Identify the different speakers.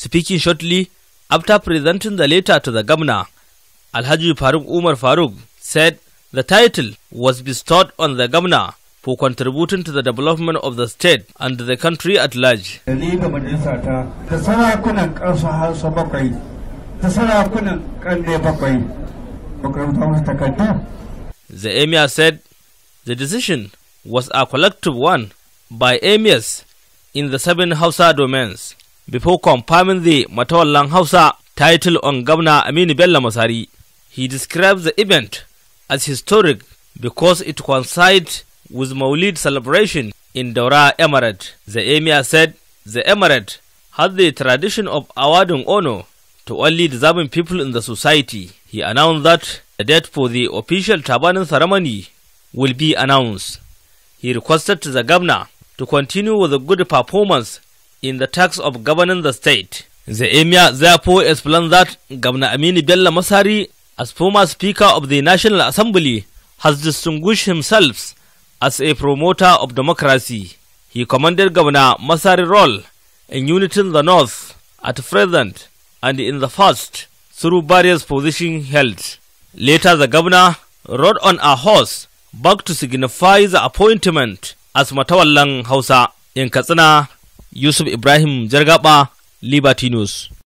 Speaker 1: Speaking shortly after presenting the letter to the governor, Alhaji Faruk Umar Faruk said the title was bestowed on the governor for contributing to the development of the state and the country at large. The emir said the decision was a collective one by emirs in the seven Hausa domains. before confirming the Matawallan Hausa title on Governor Aminu Bello Masari. He describes the event as historic because it coincides with Maulid celebration in Daura Emirate. The Emir said the Emirate has the tradition of awarding honor to only deserving people in the society. He announced that the date for the official Tabanin ceremony will be announced. He requested the governor to continue with the good performance in the tax of governing the state. The emir therefore explained that Governor Amini Bello Masari, as former Speaker of the National Assembly, has distinguished himself as a promoter of democracy. He commanded Governor Masari role in uniting the North at present and in the first through various positions held. Later, the governor rode on a horse back to signify the appointment as Matawalang Hausa in Katsina. yusuf ibrahim jargaba liberty news